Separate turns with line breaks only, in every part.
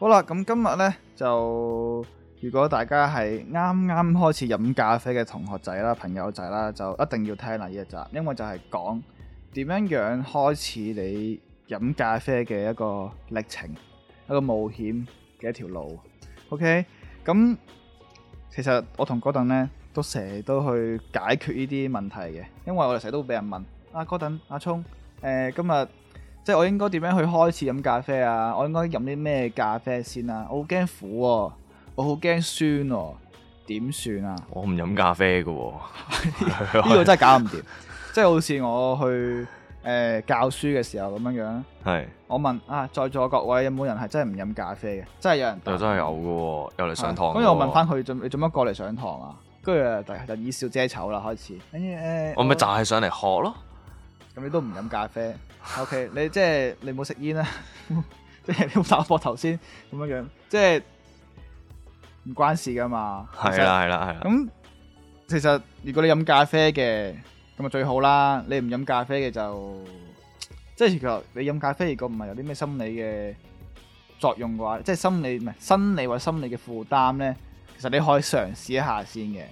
好啦，咁今日呢就如果大家係啱啱開始飲咖啡嘅同學仔啦、朋友仔啦，就一定要聽啦呢一集，因為就係講點樣樣開始你飲咖啡嘅一個歷程、一個冒險嘅一條路。OK，咁其實我同哥頓呢都成日都去解決呢啲問題嘅，因為我哋成日都俾人問阿哥頓、阿聰，誒今日。即係我應該點樣去開始飲咖啡啊？我應該飲啲咩咖啡先啊？我好驚苦，我好驚酸，
點算啊？我唔飲、啊啊啊、咖啡嘅、哦， 呢個真係搞唔掂。
即係好似我去誒、欸、教書嘅時候咁樣樣，係是我問啊，在座各位有冇人係真係唔飲咖啡嘅？真係有人，
又真係有嘅、哦，又嚟上堂、哦。跟住我問翻
佢，做你做乜過嚟上堂啊？跟住啊就以笑遮醜啦，開始。誒、欸欸，
我咪就係上嚟
學咯。咁你都唔飲咖啡？ O.K. 你即係你冇食煙啊，即係你冇 打膊頭先咁樣樣，即係唔關事噶嘛。係啦，係啦，係啦。咁其實，其實如果你飲咖啡嘅，咁啊最好啦。你唔飲咖啡嘅就，即係其實你飲咖啡如果唔係有啲咩心理嘅作用嘅話，即係心理唔係生理或心理嘅負擔咧，其實你可以嘗試一下先嘅。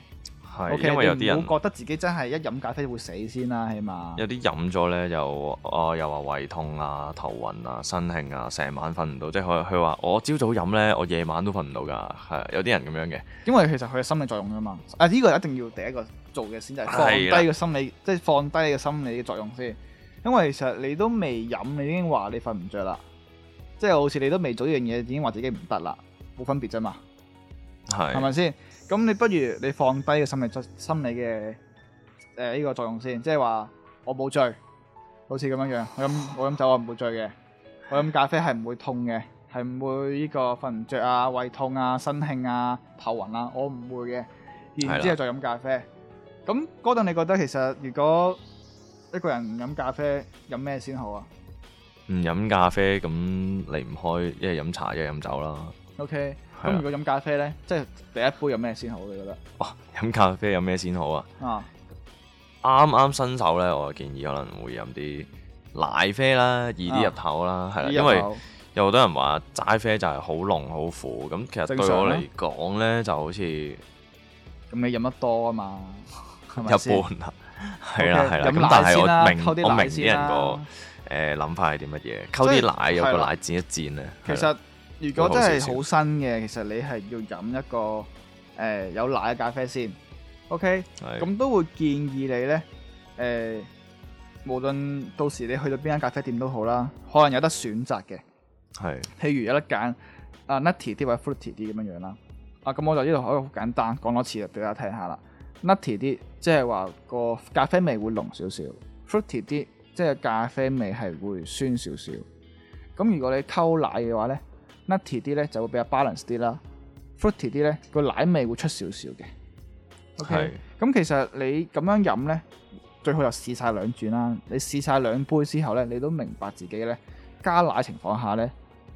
係，okay，因為有啲人會覺
得自己真係一飲咖啡會死先啦，起碼。
有啲飲咗咧，又啊又話胃痛啊、頭暈啊、身興啊，成晚瞓唔到。即係佢佢話我朝早飲咧，我夜晚都瞓唔到㗎。係有啲人咁樣嘅。
因為其實佢嘅心理作用啊嘛，啊呢、這個一定要第一個做嘅先就係放低個心理，的即係放低個心理嘅作用先。因為其實你都未飲，你已經話你瞓唔着啦。即係好似你都未做一樣嘢，已經話自己唔得啦，冇分別啫嘛。
係的，係咪先？
咁你不如你放低嘅心理作心理嘅誒呢個作用先，即係話我冇醉，好似咁樣樣，我飲我飲酒我唔會醉嘅，我飲咖啡係唔會痛嘅，係唔會呢個瞓唔著啊、胃痛啊、身興啊、頭暈啊，我唔會嘅。然之後再飲咖啡。咁嗰陣你覺得其實如果一個人唔飲咖啡，飲咩先好啊？
唔飲咖啡咁離唔開一係飲茶一係飲酒啦。
OK。咁如果飲咖啡咧，即係第一杯有咩先好？你覺得？
哇！飲咖啡有咩先好啊？啱啱新手咧，我建議可能會飲啲奶啡啦，易啲入口啦。係啦，因為有好多人話齋啡就係好濃好苦，咁其實對我嚟講咧就好似
咁你飲得多啊嘛，
一般啦，係啦係啦。咁但係我明我明啲人個誒諗法係啲乜嘢，溝啲奶有個奶漸一漸啊。其實。如果真係好
新嘅，小小其實你係要飲一個誒、呃、有奶嘅咖啡先。O.K. 咁是都會建議你咧誒、呃，無論到時你去到邊間咖啡店都好啦，可能有得選擇嘅。係譬是如有得揀啊、uh,，nutty 啲或者 fruity 啲咁樣樣啦。啊，咁我就呢度可以好簡單講多次，畀大家聽下啦。nutty 啲即係、就、話、是、個咖啡味會濃少少 fruity 啲即係、就是、咖啡味係會酸少少。咁如果你溝奶嘅話咧？nutty 啲咧就會比較 balance 啲啦，fruity 啲咧，個奶味會出少少嘅。OK，咁是其實你咁樣飲咧，最好就試晒兩轉啦。你試晒兩杯之後咧，你都明白自己咧，加奶情況下咧，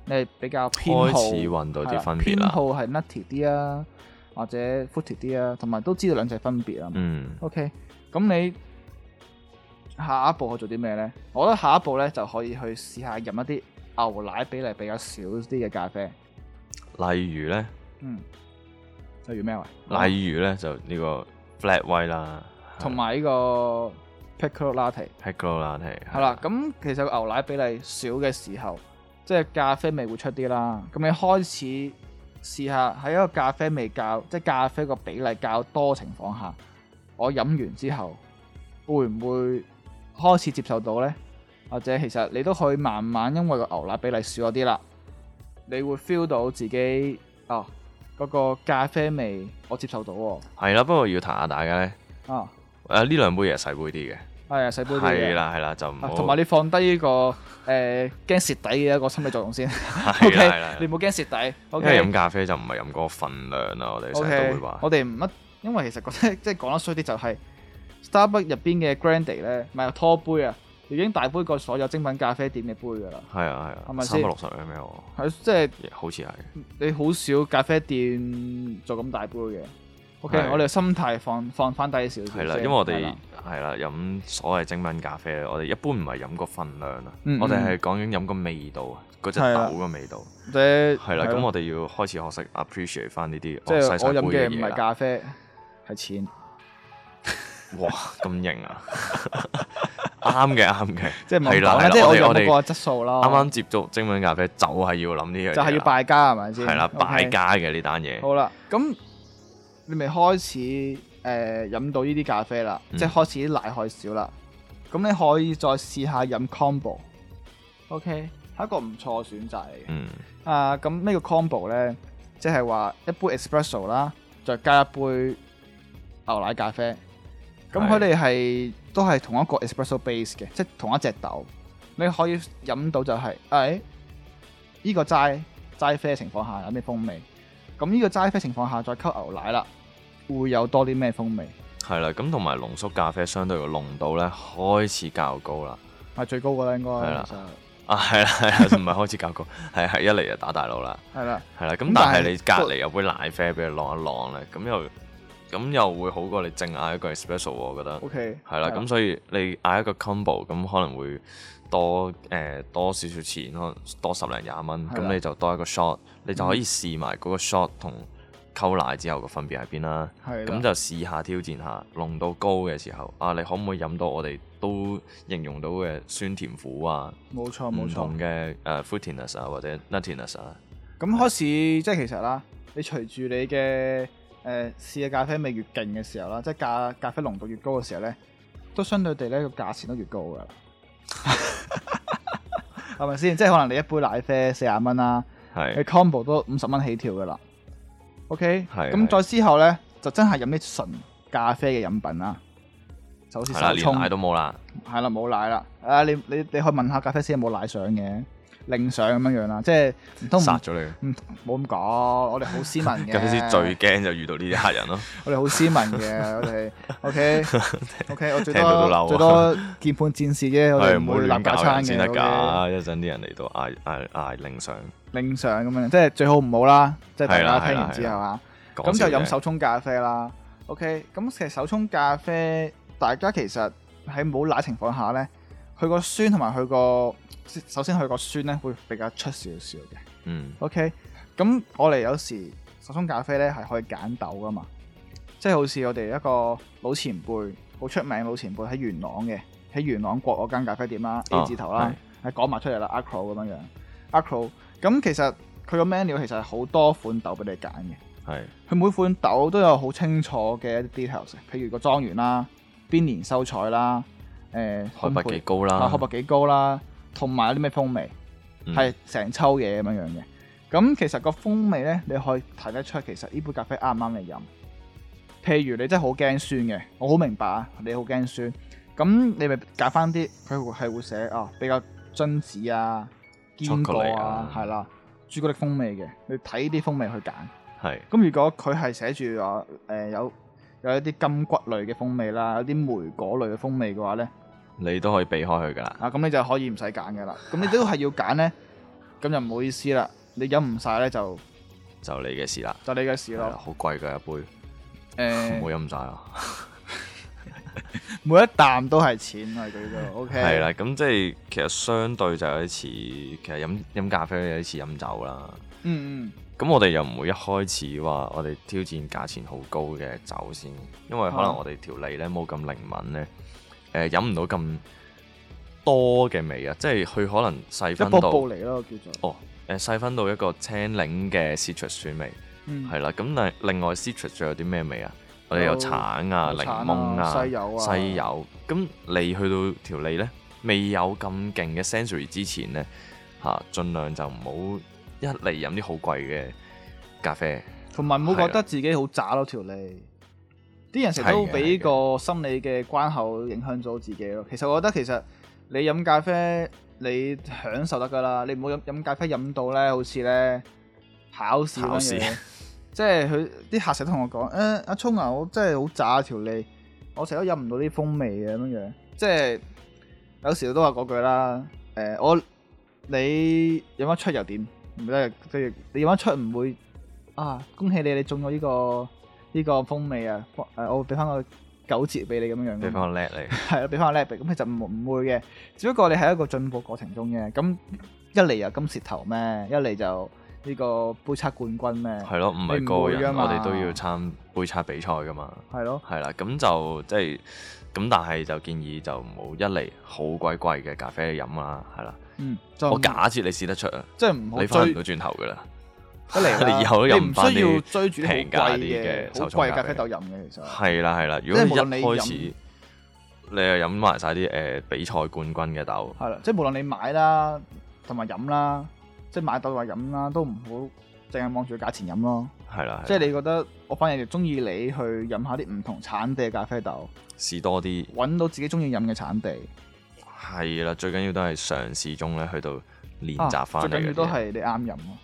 你係比較偏好，開始搵到啲分別啦。偏好係 nutty 啲啊，或者 fruity 啲啊，同埋都知道兩隻分別啊。嗯。OK，咁你下一步去做啲咩咧？我覺得下一步咧就可以去試下飲一啲。牛奶比例比較少啲嘅咖啡，
例如咧，嗯，例如咩話？例如咧就呢個 flat white 啦，
同埋呢個 piccolo
latte，piccolo latte 係
啦。咁其實牛奶比例少嘅時候，即係咖啡味會出啲啦。咁你開始試下喺一個咖啡味較，即係咖啡個比例較多情況下，我飲完之後會唔會開始接受到咧？或者其實你都可以慢慢，因為個牛奶比例少咗啲啦，你會 feel 到自己，啊嗰個咖啡味我接受到喎。
係啦，不過要彈下大家咧。啊，誒呢兩杯嘢細杯啲嘅。
係啊，細杯啲嘅。係啦，係啦，就唔同埋你放低呢個誒驚蝕底嘅一個心理作用先。係
啦，OK，你唔好驚蝕底。因為飲咖啡就唔係飲嗰個份量啦，我哋成日都會話。
我哋唔乜，因為其實覺得即係講得衰啲就係 Starbucks 入邊嘅 Grande 咧，唔係有拖杯啊。已經大杯過所有精品咖啡店嘅杯噶啦，
係啊係啊，係咪三百六十 mL？係即係好似係，
你好少咖啡店做咁大杯嘅。OK，我哋嘅心態放放翻低少少。係啦，因為我哋
係啦飲所謂精品咖啡咧，我哋一般唔係飲個份量啊，我哋係講緊飲個味道啊，嗰隻豆嘅味道。即係係啦，咁我哋要開始學識 appreciate 翻呢啲即係我飲嘅唔係咖
啡係錢。
哇！咁型啊！啱嘅，啱嘅， 即係唔係講咧？即係我用嗰個質素咯。啱啱接觸精品咖啡就係要諗呢樣嘢，就係、是、要，要敗家
係咪先？係 啦，敗家
嘅呢單嘢。Okay. 好
啦，咁你咪開始誒飲、呃、到呢啲咖啡啦，嗯、即係開始啲奶太少啦。咁你可以再試下飲 combo，OK、okay? 係一個唔錯嘅選擇嚟嘅。嗯、啊，咁呢個 combo 咧，即係話一杯 espresso 啦，再加一杯牛奶咖啡。咁佢哋係都係同一個 Espresso Base 嘅，即係同一隻豆，你可以飲到就係、是，誒、哎，呢、這個齋齋啡嘅情況下有咩風味？咁呢個齋啡情況下再溝牛奶啦，會有多啲咩風味？
係啦，咁同埋濃縮咖啡相對嘅濃度咧開始較高啦，
係最高噶啦，應該係啦，就
是、啊係啦係啦，唔係開始較高，係係 一嚟就打大佬啦，係啦係啦，咁的但係你隔籬有杯奶啡俾佢晾一晾咧，咁又。咁又會好過你淨嗌一個 espresso，我覺得。OK。係啦，咁所以你嗌一個 combo，咁可能會多誒多少少錢咯，多，可能多十零廿蚊。咁的你就多一個 shot，你就可以試埋嗰個 shot 同溝奶之後嘅分別喺邊啦。係的。咁就試下挑戰下濃度高嘅時候，啊，你可唔可以飲到我哋都形容到嘅酸甜苦啊？
冇錯冇錯。唔同
嘅誒 fruitiness 啊，或者 nuttiness 啊。
咁開始的即係其實啦，你隨住你嘅。誒，試嘅、呃、咖啡味越勁嘅時候啦，即係咖咖啡濃度越高嘅時候咧，都相對地咧個價錢都越高噶，係咪先？即係可能你一杯奶啡四十蚊啦，你是 combo 都五十蚊起跳噶啦。OK，係。咁再之後咧，就真係飲啲純咖啡嘅飲品啦，就好似沙拉，連奶都冇啦，係啦冇奶啦。誒、啊，你你你可以問下咖啡師有冇奶上嘅。領相咁樣樣啦，即係唔通唔殺咗你？嗯，冇咁講，我哋好斯文嘅。最
驚就遇到呢啲客人咯。我哋好斯文嘅，我哋
OK OK，我最多最多鍵盤戰士啫。我哋唔會鬧架嘅，先得噶。
一陣啲人嚟到嗌嗌嗌領相，
領相咁樣，即係最好唔好啦。即係大家聽完之後啊，咁就飲手沖咖啡啦。OK，咁其實手沖咖啡，大家其實喺冇奶情況下咧。佢個酸同埋佢個首先佢個酸咧會比較出少少嘅。嗯。OK，咁我哋有時手沖咖啡咧係可以揀豆噶嘛，即係好似我哋一個老前輩好出名老前輩喺元朗嘅，喺元朗國嗰間咖啡店啦、哦、A 字頭啦，係講埋出嚟啦，Acro 咁樣樣，Acro。咁 Ac 其實佢個 menu 其實係好多款豆俾你揀嘅。係是。佢每款豆都有好清楚嘅啲 details，譬如個莊園啦，邊年收採啦。誒、嗯啊，海拔幾高啦？海拔幾高啦，同埋有啲咩風味？係成抽嘢，咁樣樣嘅。咁其實個風味咧，你可以睇得出。其實呢杯咖啡啱唔啱你飲？譬如你真係好驚酸嘅，我好明白啊！你好驚酸，咁你咪揀翻啲佢會係會寫啊比較榛子啊、堅果啊，係啦、啊、朱古力風味嘅。你睇呢啲風味去揀。係是。咁如果佢係寫住啊誒有。有一啲金骨類嘅風味啦，有啲梅果類嘅風味嘅話咧，
你都可以避開佢噶啦。
啊，咁你就可以唔使揀㗎啦。咁你都係要揀咧，咁就唔好意思啦。你飲唔晒，咧就就你嘅事啦，就你嘅事咯。
好貴嘅一杯，
誒、欸，唔會飲
晒啊！
每一啖都係錢啊！佢就 OK。係啦，
咁即係其實相對就有啲似，其實飲飲咖啡有啲似飲酒啦。嗯嗯。咁我哋又唔會一開始話我哋挑戰價錢好高嘅酒先，因為可能我哋條脷咧冇咁靈敏咧，誒飲唔到咁多嘅味啊，即係佢可能細分到，一步步嚟咯叫做。哦，誒細分到一個青檸嘅 citrus 酸味，係啦，嗯。咁另另外 citrus 仲有啲咩味啊？我哋有橙啊、檸、啊、檬啊、西柚啊。西柚咁，你去到條脷咧未有咁勁嘅 sensory 之前咧，吓、啊、盡量就唔好。一嚟飲啲好貴嘅咖啡，
同埋唔好覺得自己好渣咯。條脷啲人成日都俾個心理嘅關口影響咗自己咯。其實我覺得其實你飲咖啡你享受得㗎喇，你唔好飲飲咖啡飲到咧，好似咧考試咁樣。即係佢啲客成日同我講：誒阿聰啊，我真係好渣條脷，我成日都飲唔到啲風味嘅咁樣。即係有時都話嗰句啦。誒、呃、我你飲得出又點？即係即係，你萬一出唔會啊！恭喜你，你中咗呢、這個呢、這個風味啊！誒、呃，我俾翻個九折俾你咁樣嘅，俾翻個叻嚟，係啊， 俾翻個叻嚟。咁 其實唔唔會嘅，只不過你係一個進步過程中嘅。咁一嚟又金舌頭咩？一嚟就。呢個杯測冠軍咩？係咯，唔係個人，我哋都要
參杯測比賽噶嘛。係咯了，係啦，咁就即係咁，但係就建議就唔好一嚟好鬼貴嘅咖啡去飲啦，係啦。嗯，我假設你試得出啊，即係唔好你返唔到轉頭噶啦。一嚟， 你以後都飲唔返啲平價啲嘅，好貴咖啡豆飲
嘅其實。係啦係啦，如果一開始
你又飲埋晒啲誒比賽冠軍嘅豆，
係啦，即係無論你買啦，同埋飲啦。即係買豆嚟飲啦，都唔好淨係望住價錢飲咯。係啦，即係你覺得我反而中意你去飲下啲唔同產地嘅咖啡豆，試多啲，揾到自己中意飲嘅產地。
係啦，最緊要都係嘗試中咧，去到練習翻嘅嘢、啊、最緊要都係你啱飲咯，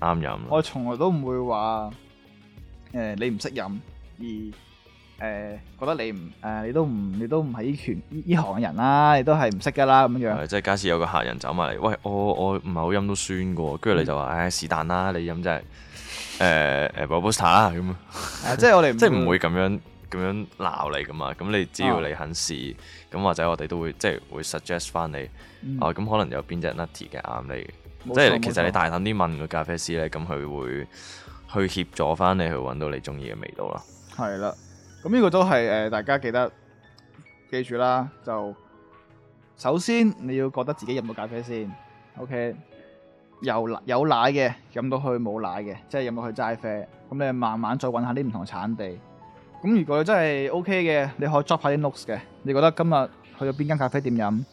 啱飲。我
從來都唔會話誒、呃、你唔識飲而。誒，uh, 覺得你唔誒、uh,，你都唔你都唔係依權
依行人啦、啊，你都係唔識噶啦咁樣。即係假設有個客人走埋嚟，喂，我我唔係好飲都酸嘅，跟住你就話，誒、嗯哎，是但啦，你飲、uh, 嗯呃啊、就係誒誒 booster 啦咁。誒，即係我哋即係唔會咁樣咁樣鬧你噶嘛，咁你只要你肯試，咁、啊、或者我哋都會即係會 suggest 翻你，啊，咁可能有邊隻 nutty 嘅啱你，即係沒錯 其實你大膽啲問個咖啡師咧，咁佢會去協助翻你去搵到你中意嘅味道啦。
係啦。咁呢個都係誒、呃，大家記得記住啦。就首先你要覺得自己飲到咖啡先，OK。有奶有奶嘅飲到去，冇奶嘅即係飲到去齋啡。咁你慢慢再揾下啲唔同產地。咁如果你真係 OK 嘅，你可以 drop 下啲 notes 嘅。你覺得今日去咗邊間咖啡店飲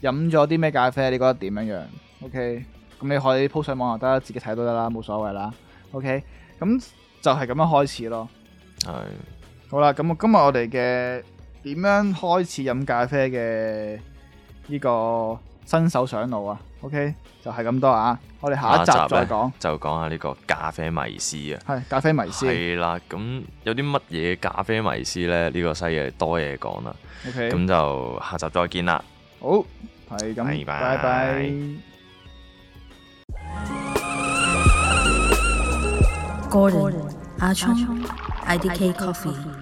飲咗啲咩咖啡？你覺得點樣樣？OK。咁你可以 post 上網上得，自己睇都得啦，冇所謂啦。OK。咁就係咁樣開始咯。係。好啦，咁我今日我哋嘅，點樣開始飲咖啡嘅呢個新手上路啊，OK，就係咁多啊，我哋下一集再講，
就講下呢個咖啡迷思啊，係、哎、咖啡迷思，係啦，咁有啲乜嘢咖啡迷思咧？呢、這個西嘢多嘢講啦，OK，咁就下集再見啦，
好，係咁，拜拜，拜拜。Gordon，阿聰
，IDK Coffee。